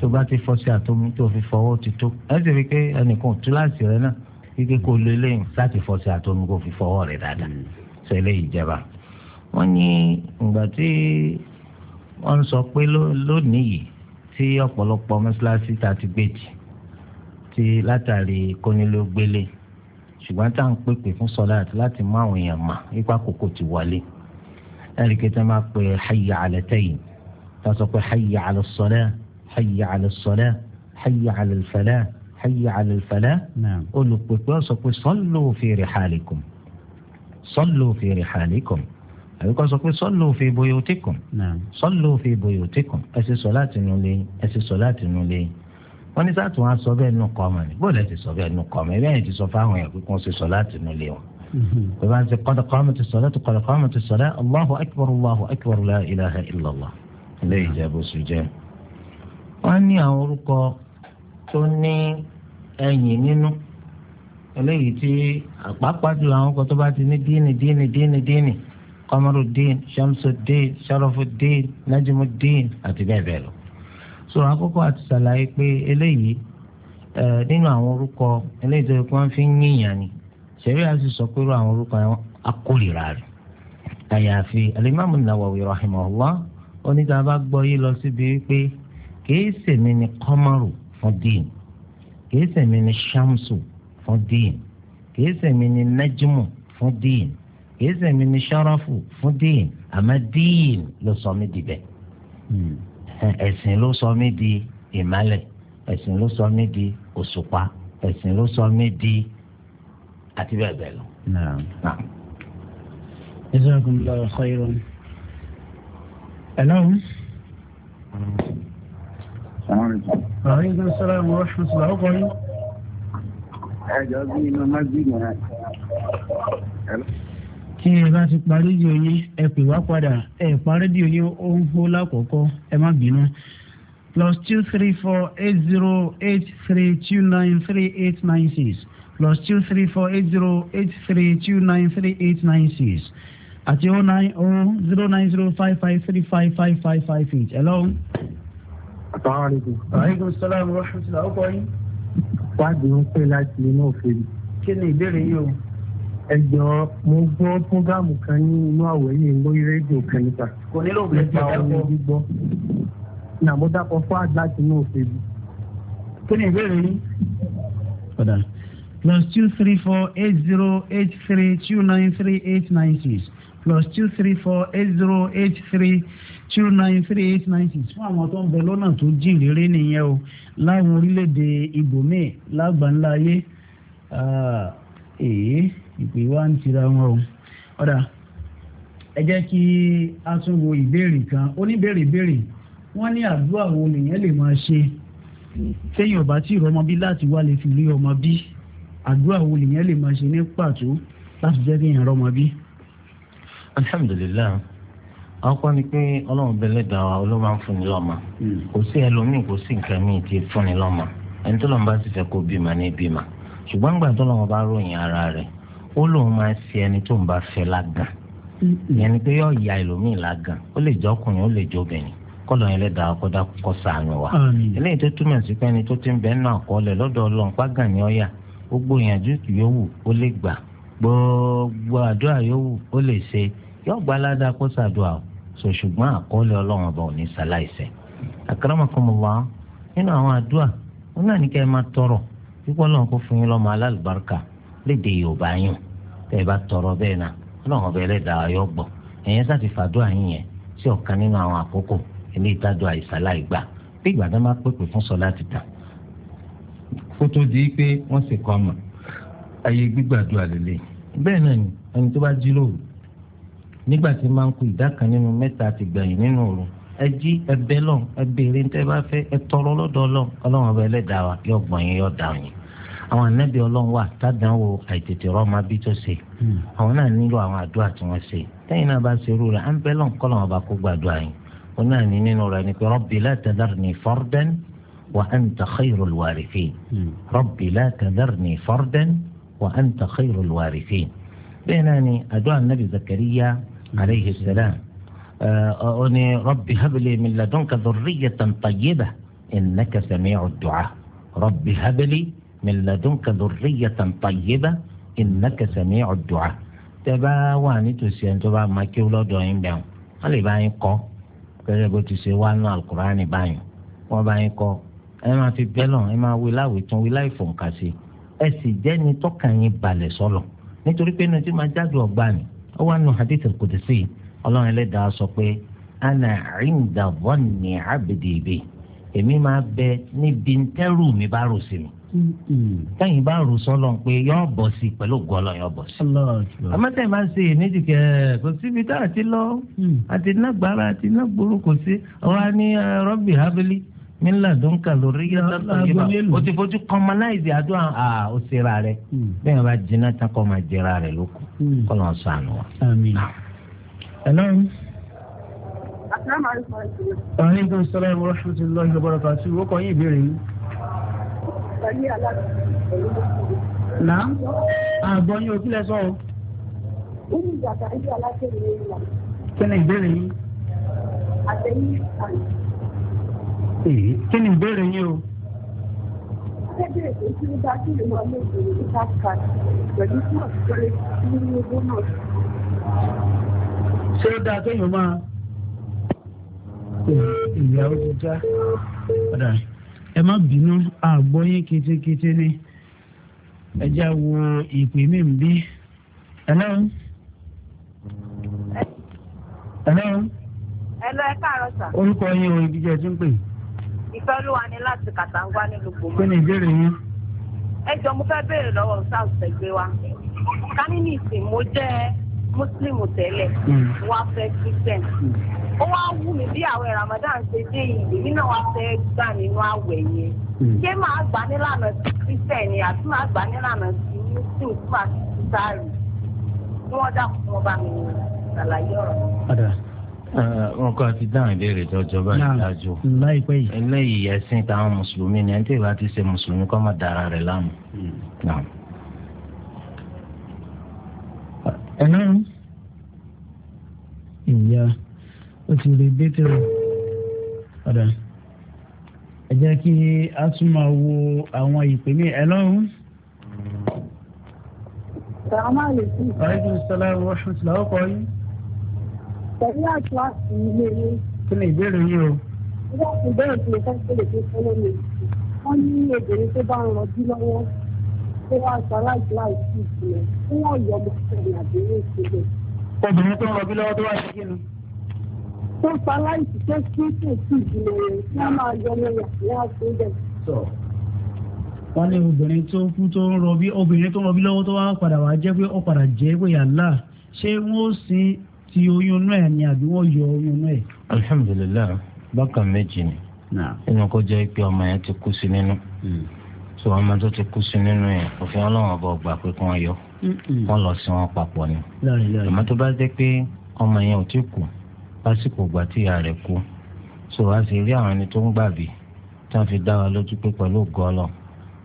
tó bá ti fọṣẹ àtomi tó fi fọwọ́ ti tó ẹ sì rí i pé ẹnìkan túláàsì rẹ náà kíkẹ kó lé lẹ́yìn láti fọṣẹ àtomi kó fi fọwọ́ rẹ dáadáa sọ mm. eléyìí jẹba wọn ní ìgbà tí wọn ń sọ pé lónìí yìí tí ọ̀pọ̀lọpọ̀ mọ́ṣáláṣí ta ti gbé jì ti látàrí kónílógbélé ṣùgbọ́n tá à ń pèpè fún sọlá láti mú àwọn èèyàn mà ipa kòkò ti wọlé ẹ̀ríkẹ́ tẹ́ máa pe hayya ala tayin tá a sọ pé hayya ala sọlá. حي على الصلاة حي على falah حي على falah olùpèpè sọ pé sallu fi rihalikum sallu fi rihalikum àbí kọ́ sọ pé sallu fi buyutikum sallu fi buyutikum ẹ ṣe sọ̀láàtì nulẹ̀ ẹ ṣe sọ̀láàtì nulẹ̀ wọ́n ní sáà tún wá sọ bẹ́ẹ̀ nù kọ́ ọmọ ni bóòlù ti sọ bẹ́ẹ̀ nù kọ́ ẹ bẹ́ẹ̀ ti sọ fáwọn ẹ̀ pé kí wọ́n ṣe sọ̀láàtì nulẹ̀ wọn. طبعا قد قامت الصلاة قد قامت الصلاة الله أكبر الله أكبر لا إله إلا الله لا يجاب سجان wọ́n ní àwọn orúkọ tó ní ẹ̀yìn nínú eléyìí tí àpapàjù àwọn kan tó bá ti ní díìnì díìnì díìnì díìnì kọmọrùdíìn shamsudíìn sharafudíìn najimudíìn àti bẹ́ẹ̀ bẹ́ẹ̀ lọ. sọ̀rọ̀ àkọ́kọ́ àti ṣàlàyé pé eléyìí nínú àwọn orúkọ eléyìí tó yẹ kí wọ́n fi ń yíyàn ni ṣẹ̀rí àti sọ pé irú àwọn orúkọ yẹn akórìíra rẹ̀. àyàfi alimami Nawawi rahimahullah oníta bá gbọ́ yí lọ síbi wípé kìí sèmi ni kọ́mọ́rù fún dín kìí sèmi ni ṣàmùsù fún dín kìí sèmi ni nájúmù fún dín kìí sèmi ni ṣọ́rọ́fù fún dín àmọ́ dín ló sọ mí di bẹ́ẹ̀. Hmm. ẹ̀sìn ló sọ mí di ìmálẹ̀ ẹ̀sìn ló sọ mí di òṣùpá ẹ̀sìn ló sọ mí di àti bẹ́ẹ̀ bẹ́ẹ̀ Hello. Àríkún sọ́lámù rọ́ṣùsùlá ọkọ̀ yìí. Ẹjọ́ bí iná máa gbìmọ̀ rẹ̀. Kí ẹ bá ti pa rédíò yín, ẹ pè wá padà, ẹ pa rédíò yín ó ń gbó lákọ̀ọ́kọ́, ẹ má bínú. Plus two three four eight zero eight three two nine three eight nine six. Plus two three four eight zero eight three two nine three eight nine six. Àti oh nine oh zero nine zero five five three five five five five eight. Hello. Àtàwárígùn. Àrígùn Sọ́lámù Rọ́ṣùtìlá ó kọ́ yín. Wádìí ń pè láti inú òfin. Kí ni ìbéèrè yìí o? Ẹ jọ̀ọ́ mo gbọ́ fúgàmù kan ní inú àwẹ̀ yìí lórí rédíò kan níta. Kò nílò òfin ti ẹ̀kọ́. gbígbọ́. Nà mo dákọ̀ fún àgbà tí inú òfin Kí ni ìbéèrè yìí? Ọ̀dà plus two three four eight zero eight three two nine three eight nine six plus two three four eight zero eight three two nine three eight nine six fún àwọn tó ń bẹ lọ́nà tó jìn réré nìyẹn o láwọn orílẹ̀-èdè ibòmíì lágbàńlá ayé ah, èyí ìpè wa ń tira wọn o ọ̀dà ẹ jẹ́ kí a tún wo ìbéèrè kan oníbèrè béèrè wọ́n ní àdúrà wo nìyẹn lè máa ṣe téèyàn bá tí ìrọmọ bí láti wá lè fi rí ọmọ bí àdúrà wo nìyẹn lè máa ṣe ní pàtó láti jẹ́ kéèyàn rọmọ bí. alhamdulilayi akọ́ ni pé ọlọ́run bẹ̀lẹ̀ dà wá ló máa ń fún ni lọ́mọ hmm. kò sí ẹlòmíì kò sí nǹkan míì tí fún ni lọ́mọ ẹni tó bá kó bímọ ní bímọ ara rẹ ó máa ṣe ẹni tó ń bá fẹ́ lágàn hmm. ya ẹlòmíì lágàn ó lè ọkùnrin ó lè obìnrin yẹn wa eléyìí tó túmọ̀ ti ń náà lọ́dọ̀ ọlọ́run yóò gba aládàá kó ṣàdúrà o sọ ṣùgbọ́n àkọọ́lẹ̀ ọlọ́run ọba ò ní ṣaláìsẹ̀ àkàràmọ̀kọ́mọ̀wá nínú àwọn àdúrà wọn náà ní kẹ́ ẹ máa tọrọ pípọ́ náà kó fún yín lọ́mọ alálùbáríkà léde yorùbá yín tẹ́ ẹ bá tọrọ bẹ́ẹ̀ náà ọlọ́run ọba ẹlẹ́dàá yọ gbọ́ ẹ̀yẹn sáti fàdúrà yín yẹn sí ọ̀kan nínú àwọn àkókò ilé ìtàdùn àìsàláì gbà bí ìgbà tó máa pèpè bẹ́ẹ̀ náà ni ẹni tó bá jí lóru nígbà tí máa ń kú ìdá kan nínú mẹ́ta àti gbẹ̀yìn nínú òru ẹ jí ẹ bẹ́ lọ́n ẹ béèrè ní tẹ́ bá fẹ́ ẹ tọrọ lọ́dọ̀ ọlọ́n ọlọ́run ọba ẹlẹ́dàá wa yóò gbọ̀n yín yóò dà yín àwọn anábì ọlọ́run wà tádàáwò àìtètè rọ́ọ̀mà bí tó ṣe hmm. àwọn náà nílò àwọn àdúrà tí wọ́n ṣe tẹ́yìn náà bá ṣe irú rẹ̀ à ń bẹ́ lọ́n kọ́lọ́run ọba kó gbàdúrà yín ó náà ní nínú rẹ̀ ni pé rabbi la tadharni fardan wa anta khayrul warithin hmm. rabbi la tadharni fardan wa anta khayrul warithin bẹ́ẹ̀ náà ni àdúrà anábì zakariya aleyhi salam ó ní rabbi habli min ladunka dhurriyatan tayyibah innaka sami'ud du'a rabbi habli min ladunka dhurriyatan tayyibah innaka sami'ud du'a tẹ́ bá wà nítòsí ẹni tó bá máa kí ó lọ́dọ̀ yín bẹ̀rù wọ́n lè bá yín kọ́ gẹ́gẹ́ bó ti ṣe wá nínú alukur'ani báyìí wọ́n bá yín kọ́ ẹ máa fi bẹ́lọ̀ ẹ máa wí láwìí tún wí láì fòǹkà sí ẹ sì jẹ́ni tọ́kàn yín balẹ̀ sọ́lọ̀ nítorí pé inú tí máa jáde ọ̀gbà ni ó wá nù hadith al-qudsi ọlọ́run ẹlẹ́dàá sọ pé ana inda dhanni abdi bi èmi máa bẹ níbi ntẹ́rù mi bá rò sí mi tẹ́yìn bá rò sọ́lọ́n pé yọ bọ̀ sí pẹ̀lú gọ́lọ́ yọ bọ̀ sí. amátẹ́yìn máa ń ṣe èméjì kẹ́ ẹ̀ kò síbi tá a ti lọ àti hmm. nágbára àti nágboro kò sí ọ̀rọ̀ á rọ́bì hábílì mílíọ̀nù tó ń kà lórí yàtọ̀ tó o ti fojú kọ́mọláìsì àdúrà à ó sera rẹ hmm. bẹ́ẹ̀ ni wọ́n bá jiná tán kọ́ máa jẹra rẹ lóko hmm. kọ́ lọ́n sọ àná wa. hello. aleykum salaam wa rahmatulahi wa barakatuh wọ́n kọ́ yín ìbéèrè yín. na àgbọ̀ yín ò kílẹ̀ sọ̀rọ̀. ó ní ìjàkà ìjọ aláṣẹ ìrẹ́lẹ̀. kí ni ìbéèrè yín. àtẹ̀yìn àná èyí kí ni ìbéèrè yín o. Ẹgbẹ́ èsì ní bá kí ìwà méje pẹ̀lú tí wọ́n ti owó náà. Ṣé ó dáa kéèyàn máa ìyàwó ti já padà? Ẹ má bínú àgbọ́yé ketekete ni ẹ já wo ìpè mí ń bí. Hello. Hello. Hello ẹ káàárọ̀ Orúkọ yín o ìdíje tí ń pè ìfẹ́lúwa ni láti kàtàǹgbá ní gbogbo. kí ni ìbéèrè yín. ẹ jọ mo fẹ́ béèrè lọ́wọ́ south wa ní muslim hmm. christian ó wá bí ramadan ṣe dé wa gbà nínú yẹn hmm. ṣé máa gbà nílànà sí christian ni àti máa gbà nílànà sí muslim kí ọba mi ṣàlàyé wọn kọ́ àti dáhùn ìbéèrè tó jọba ìdájọ́ eléyìí ẹ̀sìn táwọn mùsùlùmí ni ẹni tí ìbá ti ṣe mùsùlùmí kọ́ máa dára rẹ̀ láàmú. ẹ̀nà ìyá ó ti rí bẹ́tẹ̀ padà ẹ jẹ́ kí a tún máa wo àwọn ìpè ní ẹ̀ lọ́rùn. sàmúlò sí. wàhálà ìṣẹ̀lẹ̀ wọ́n ṣùgbọ́n ọkọ̀ yìí. pẹ̀lú àti àti ilé yín. kí ni ìbéèrè o. bẹ́ẹ̀ mo fẹ́ lè fi fọ́lọ́ mi wọ́n ní obìnrin tó bá ń lọ́wọ́ tó wá wọ́n yọ ọmọ obìnrin tó ń lọ́wọ́ tó wá ṣe kí ni. tó aláìsí tó kí kò sí kí a máa yọ ọmọ rẹ̀ ní àtúndẹ̀. wọ́n ní obìnrin tó kú tó ń rọbí obìnrin tó ń rọbí lọ́wọ́ tó wá padà wá jẹ́ pé ó padà jẹ́ pé yàrá ṣé wọ́n sin ti oyún náà ni àbí wọ́n yọ oyún náà. alhamdulilayi bákan méjì ni inú kó jẹ́ pé ọmọ yẹn ti kú sí nínú hmm. so ọmọ tó ti kú sí nínú yẹn òfin ọlọ́run ọba ọgbà pé kí wọ́n yọ hmm, hmm. wọ́n lọ sí wọn papọ̀ ni ọmọ tó bá jẹ́ pé ọmọ yẹn ò tí kú lásìkò ìgbà tí ìyá rẹ̀ kú so a sì rí àwọn ẹni tó ń gbàbí tí wọ́n fi dá wa lójú pé pẹ̀lú gọ́ọ̀lọ̀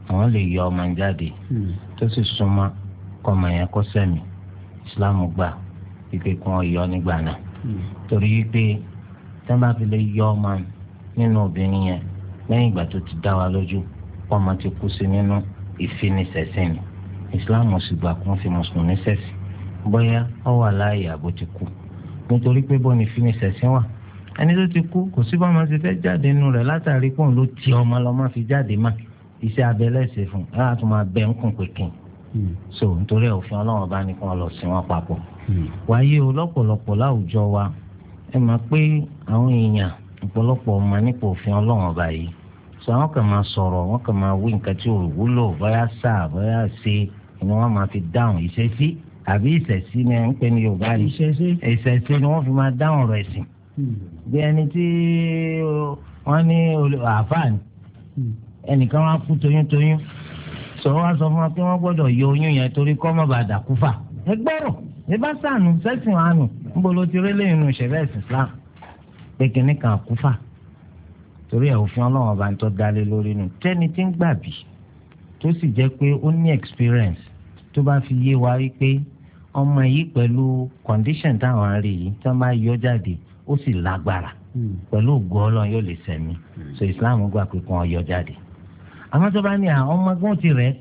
àwọn lè yọ ọmọ jáde tó sì súnmọ́ kọ́mọ yẹn kó sẹ́mi Islam gbà wípé kí wọ́n yọ nígbà náà hmm. torí wípé tá bá fi lè yọ ọmọ nínú obìnrin yẹn lẹ́yìn ìgbà tó ti dá wa lójú ọmọ ti kú sí nínú ìfinisẹ̀sìn ni islam sì gbà kún fi mùsùlùmí sẹ̀sìn bóyá ó wà láàyè àbó ti kú nítorí pé bọ́ ni ìfinisẹ̀sìn wà ẹni tó ti kú kò sí bọ́mọ ti fẹ́ jáde nínú rẹ̀ látàrí pọ́n ló ti ọmọ lọ́mọ fi jáde má iṣẹ́ abẹ lẹ́sẹ̀ fún ẹ̀ àtúmọ̀ abẹ́ ń kùn pé hmm. so nítorí òfin ọlọ́run bá ní kí wọ́n lọ sí wọn papọ̀ wáyé o lọ́pọ̀lọpọ̀ láwùjọ wa ẹ máa pé àwọn èèyàn ọ̀pọ̀lọpọ̀ ọmọ nípa òfin ọlọ́run ọba yìí sọ àwọn kan máa sọ̀rọ̀ wọ́n kan máa wí nǹkan tí ò wúlò bóyá sáà bóyá ṣe ni wọ́n máa fi dáhùn ìṣesí àbí ìṣẹ̀sí ni ń pè ní yorùbá rí ìṣẹ̀sí ni wọ́n fi máa dáhùn ọ̀rọ̀ ẹ̀sìn bí ẹni tí wọ́n ní àfààní ẹnìkan wá kú toyúntoyún sọ wọ́n sọ fún wa pé wọ́n gbọ́dọ̀ yọ oyún yẹn torí kọ́ mọ́ bàa dàkúfà ẹgbẹ́rún ní bá sànù sẹ́sìn àánú níbo ló ti rélé inú ìṣẹ̀lẹ̀ Islam pé kínní kan kúfà torí ẹ̀ òfin ọlọ́run ọba ń tọ́ dalé lórí nu tẹ́ni tí ń gbàbí tó sì jẹ́ pé ó ní experience tó bá fi yé wa wípé ọmọ yìí pẹ̀lú condition táwọn ń rí yìí tí wọ́n bá yọ jáde ó sì lágbára hmm. pẹ̀lú ògùn ọlọ́run yóò lè sẹ̀mí hmm. so Islam gbà pé kàn yọ jáde àmọ́ tó bá ní àwọn ọmọ gbọ́n ti rẹ̀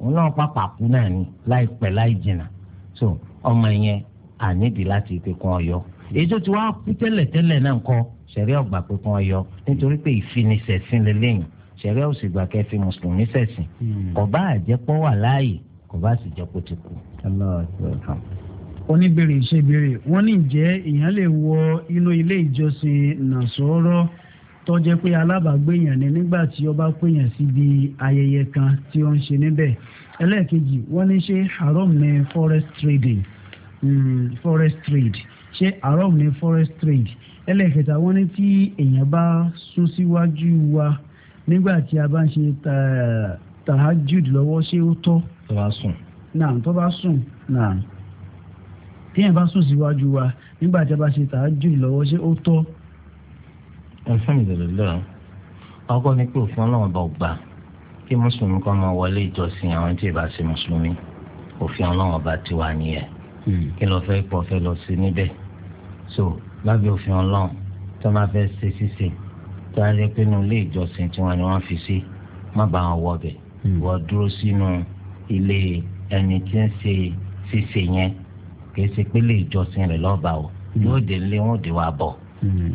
òun náà pàpà kú náà ní láìpẹ́ láì jìnnà so ọmọ yẹn ànídìí láti pé kún ọyọ èyí tó ti wá kú tẹ́lẹ̀tẹ́lẹ̀ náà kọ́ sẹ̀rí ọ̀gbà pé kún ọyọ nítorí pé ìfinisẹ̀sìn lélẹ́yìn sẹ̀rí òsìgbà kẹfì mùsùlùmí sẹ̀sìn hmm. kò bá àjẹpọ̀ wà láàyè kò bá sì jẹ́ kó ti kú. oníbèrè ìṣèbèrè wọ́n ní ǹjẹ́ èèyàn lè wọ inú ilé ìjọsìn nàṣọ́rọ́ tó jẹ́ pé alábàágbéyàn ni nígbà tí ó bá péyàn síbi ayẹyẹ kan tí ó ń ṣe níbẹ̀ ẹlẹ́ẹ̀kejì wọ́n ní ṣe haram ní forest trading Hmm, forest trade ṣé haram ní forest trade ẹlẹ́kẹta wọ́n ní tí èèyàn bá sún síwájú wa nígbà tí a bá ń ṣe eh, tahajud lọ́wọ́ ṣé ó tọ́. tó bá sùn. náà tó bá sùn náà téèyàn bá sùn síwájú wa nígbà tí a bá ṣe tahajud lọ́wọ́ ṣé ó tọ́. alhamdulilayi ọkọ ní pé òfin ọlọ́run bá gbà kí mùsùlùmí kan máa wọlé ìjọsìn àwọn tí ì bá ṣe mùsùlùmí òfin ọlọ́run bá ti wà nìyẹn Hmm. kí lọ́ọ́ fẹ́ pọ̀ fẹ́ lọ sí níbẹ̀ so lábẹ́ òfin ọlọ́run tó máa fẹ́ ṣe ṣíṣe tó á jẹ́ pé inú ilé ìjọsìn tí wọ́n ni wọ́n fi sí má bàa wọ ọbẹ̀ hmm. wọ́n dúró sínú ilé ẹni tí ń ṣe ṣíṣe yẹn kì í ṣe pé ilé ìjọsìn rẹ̀ lọ́ọ́ bá o yóò hmm. dé ilé wọn ò dé wa bọ̀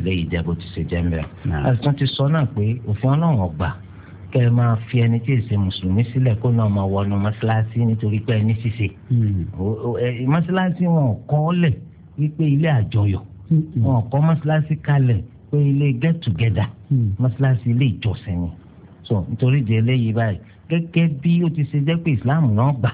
lẹ́yìn ìjẹ́bù ti ṣe jẹ́ mẹ́rin. àtúntò ti sọ náà pé òfin ọlọ́run ọgbà kẹ́ ẹ máa fi ẹni tí èsì mùsùlùmí sílẹ̀ kó náà máa wọnú mọ́ṣáláṣí nítorí pé ẹni ṣíṣe hmm. mọ́ṣáláṣí wọn kọ́ lẹ̀ wípé ilé àjọyọ̀ hmm. wọn kọ́ mọ́ṣáláṣí kalẹ̀ pé ilé get together hmm. mọ́ṣáláṣí ilé ìjọsìn ni so nítorí di eléyìí báyìí gẹ́gẹ́ bí ó ti ṣe jẹ́ pé Islam náà gbà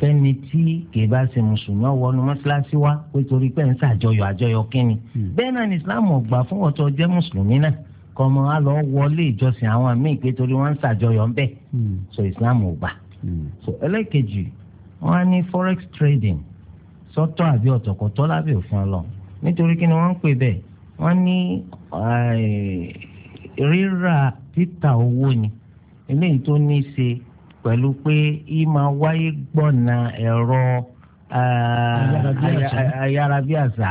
kẹ́ni tí kì bá ṣe mùsùlùmí wọnú mọ́ṣáláṣí wa pé torí pé ń ṣàjọyọ̀ àjọyọ̀ kínni bẹ́ẹ̀ náà ni Islam ò gbà fún ọ̀tọ̀ jẹ́ mùsùlùmí náà kọmọ á lọ wọlé ìjọsìn àwọn míì pé torí wọ́n ń ṣàjọyọ̀ ńbẹ hmm. so islam ò gbà hmm. so ẹlẹ́kejì wọ́n á ní forex trading sọ́tọ̀ àbí ọ̀tọ̀kọ̀tọ̀ lábẹ́ òfin ọlọ́run nítorí kí ni wọ́n ń pè bẹ́ẹ̀ wọ́n ní eh, rírà títà owó ni eléyìí tó ní í ṣe pẹ̀lú pé í máa wáyé gbọ̀nà ẹ̀rọ eh, ayárabíàṣá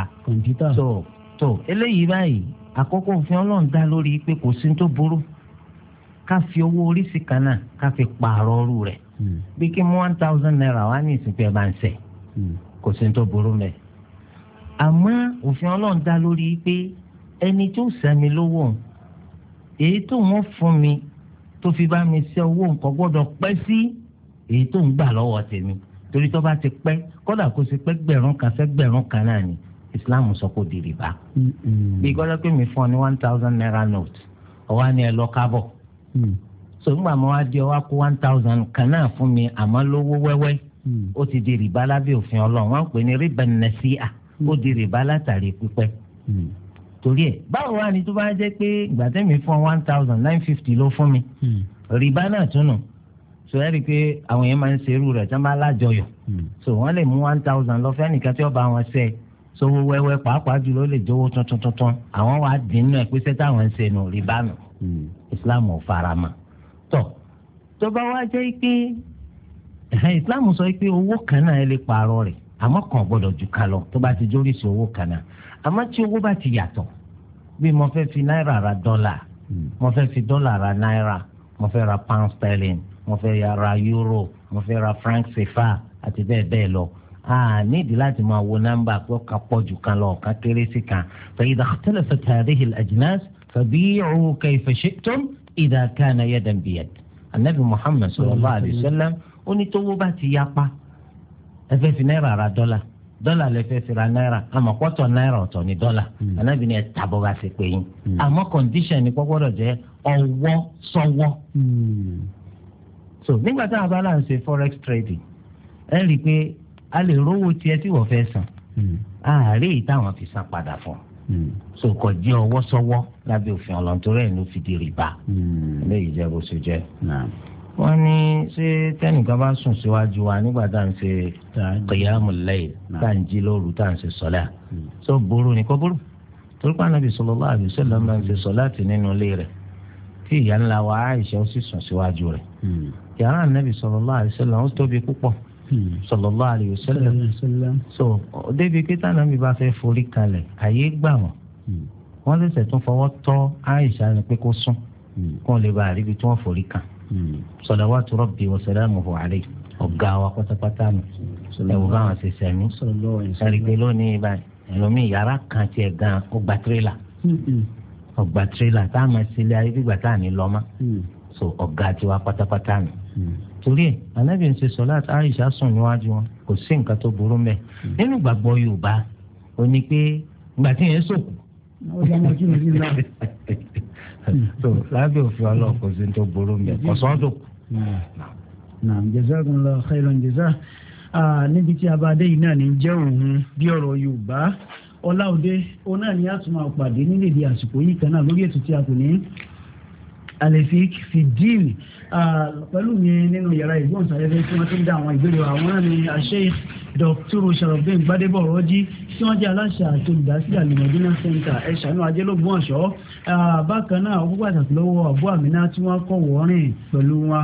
so tó eléyìí báyìí àkọ́kọ́ òfin ọlọ́run dá lórí pé kò sí tó burú ká fi owó oríṣi kan náà ká fi pààrọ̀ ọrú rẹ̀ hmm. bí kí mú one thousand naira wá ní ìsìnkú ẹ̀ bá ń sẹ̀ hmm. kò sí tó burú mẹ́. àmọ́ òfin ọlọ́run dá lórí pé ẹni tó sẹ́mi lówó èyí tó wọ́n fún mi tó fi bá mi ṣe owó nǹkan gbọ́dọ̀ pẹ́ sí èyí tó ń gbà lọ́wọ́ tèmi torí tó bá ti pẹ́ kódà kó ṣe pẹ́ gbẹ̀rún kan fẹ́ gbẹ̀rún kan náà ni islam sọ kó di rìbá. bí gbọ́dọ̀ pé mi fún ọ ní one thousand naira note ọwọ́ ni ẹ lọ kábọ̀. Mm. so ńgbà mo wá di ọwọ́ kó one thousand kan náà fún mi àmọ́ lówó wẹ́wẹ́ mm. ó ti di rìbá lábẹ́ òfin ọlọ́run wọ́n ń pè ní rìbá nẹ́síà mm. ó di rìbá látàrí pípẹ́. torí ẹ báwo wá ni tó bá jẹ́ pé ìgbà tẹ́mi fún one thousand nine fifty ló fún mi rìbá náà tún nù so ẹ rí i pé àwọn yẹn máa ń ṣerú rẹ̀ tí wọ́n bá lájọyọ̀ so wọ́n lè mú one thousand lọ fẹ́ nìkan tí wọ́n bá wọn ṣe é sowó wẹ́wẹ́ pàápàá jùlọ lè jówó tuntun tuntun àwọn wàá dín náà pèsè táwọn ń ṣe nù rí bánu hmm. islam ò fara mọ́ tọ tó bá wá jẹ́ pé islam sọ pé owó kan náà ẹ lè pààrọ̀ rẹ̀ àmọ́ kàn gbọ́dọ̀ jù ká lọ tó bá ti jóríṣi owó kan náà àmọ́ tí owó bá ti yàtọ̀ bí mo fẹ́ fi náírà ra dọ́là hmm. mo fẹ́ fi dọ́là ra náírà mo fẹ́ ra pound sterling mo fẹ́ ra euro mo fẹ́ ra franc sefa àti bẹ́ẹ̀ bẹ́ẹ̀ lọ a nídìí láti máa wo nọ́mbà pé ọkà pọ̀jù kan lọ ọ̀kan kéré sí kan fẹ̀yìdà tẹ́lẹ̀ fẹ̀tẹ̀ àdéhìl àjìnàs fẹ̀bíyìcù kẹfẹ̀ṣẹ̀ tó ìdá kánà yẹ̀dàn bìyẹn. anabi muhammed sallallahu alayhi wa sallam ó ní tówó bá ti yapa ẹ fẹ́ fi náírà ra dọ́là dọ́là lè fẹ́ fi ra náírà àmọ́ pọ́tọ̀ náírà ọ̀tọ̀ ni dọ́là anabi hmm. ni ẹ tàbọ̀ bá ṣe pé yín hmm. àmọ́ kọ́ndíṣàn ni gbọ́gbọ́dọ̀ jẹ́ ọwọ́ sọ́wọ́. Hmm. so nígbà táwọn bá ń ṣe forex trading ẹ rí i pé a lè rówó tiẹ̀ tí wọ́n fẹ́ san àárẹ̀ hmm. yìí táwọn fi san padà fún hmm. so kò jẹ́ ọwọ́ sọ́wọ́ lábẹ́ òfin ọlọ́ntọ́rẹ́ ló fi di rìbá hmm. léyìí jẹ́ bó ṣe jẹ́ wọ́n ní ṣé tẹ́nìkan bá sùn síwájú wa nígbà tá à ń ṣe qiyamul layl tá à ń jí lóru tá à ń ṣe sọ́lá tó burú ni kò burú torí pé Ànábì sallallahu alaihi wasallam máa ń ṣe sọ́lá tì nínú ilé rẹ̀ tí ìyá ńlá wa Àìṣà ó sì sùn síwájú rẹ̀ yàrá Ànábì sallallahu alaihi wasallam ó tóbi púpọ̀ sallallahu alayhi wa sallam so débi pé táwọn mi bá fẹ́ forí kalẹ̀ àyè gbà wọ́n hmm. wọ́n lẹ́sẹ̀ tún fọwọ́ tọ́ Àìṣà ni pé kó sùn hmm. kó lè bá àríbi tí wọ́n forí kan hmm. salawatu rabbi wa salamuhu alayhi ọ̀gá wa pátápátá nù ẹ̀wù báwọn ṣe sẹ̀mí ẹ̀rìgbẹ́ lónìí báyìí ẹlòmíì yàrá kan tiẹ̀ gan ọgbà tirẹ̀là ọgbà tirẹ̀là táwọn máa ṣe ilé ayé gbígbà táwọn ní lọ́mọ so ọ̀gá tiwa pátápátá nù torí ẹ anabi ń ṣe sọlá Aisha sùn níwájú wọn kò sí nǹkan tó burú mẹ hmm. nínú ìgbàgbọ́ Yorùbá ó ní pé ìgbà tí yẹn sòkù. tó lábẹ́ òfin ọlọ́run kò sí tó burú mẹ kò sọ́dọ̀. Hmm. naam jazakumullahu khairan jaza níbi tí abadé yìí náà ní jẹ́ òun bí ọ̀rọ̀ Yorùbá Ọláòdé òun náà ní àtúmọ̀ àpàdé nílẹ̀ di àsìkò yìí kan náà lórí ètò tí a kò ní alẹ́ fi fi díìnì. Ah, pẹ̀lú mi nínú yàrá ìgbóhùnsáfẹ́fẹ́ tí wọ́n ti ń dá àwọn ìbéèrè àwọn ni Sheikh Dr. Sharafdin Gbadebo Ọ̀rọ̀jì tí wọ́n jẹ́ aláṣà àti olùdásílẹ̀ alimọ̀dúnà center ẹ̀ṣánú ajẹ́lógún ọ̀ṣọ́ ah, bákan náà ó pàtàkì lọ́wọ́ àbúrò àmìnà tí wọ́n kọ̀ wọ́ọ́rìn pẹ̀lú wọn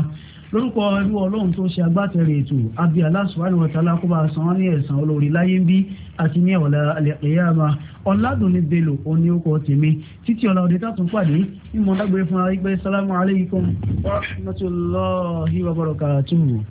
lórúkọ ẹrú ọlọ́run tó ṣe agbátẹrẹ ètò àbí Allah subhanahu wa ta'ala kó bá san án ní ẹ̀san olórí láyé ń bí àti ní ọ̀la àlẹ́kẹ̀yàmá ọ̀làdùnní bello òní ó kọ́ tèmi títí ọ̀la òde tá pàdé ní mọ̀ọ́dágbére fún wa wípé sálámù alaykum wa rahmatulahi wa barakatuhu.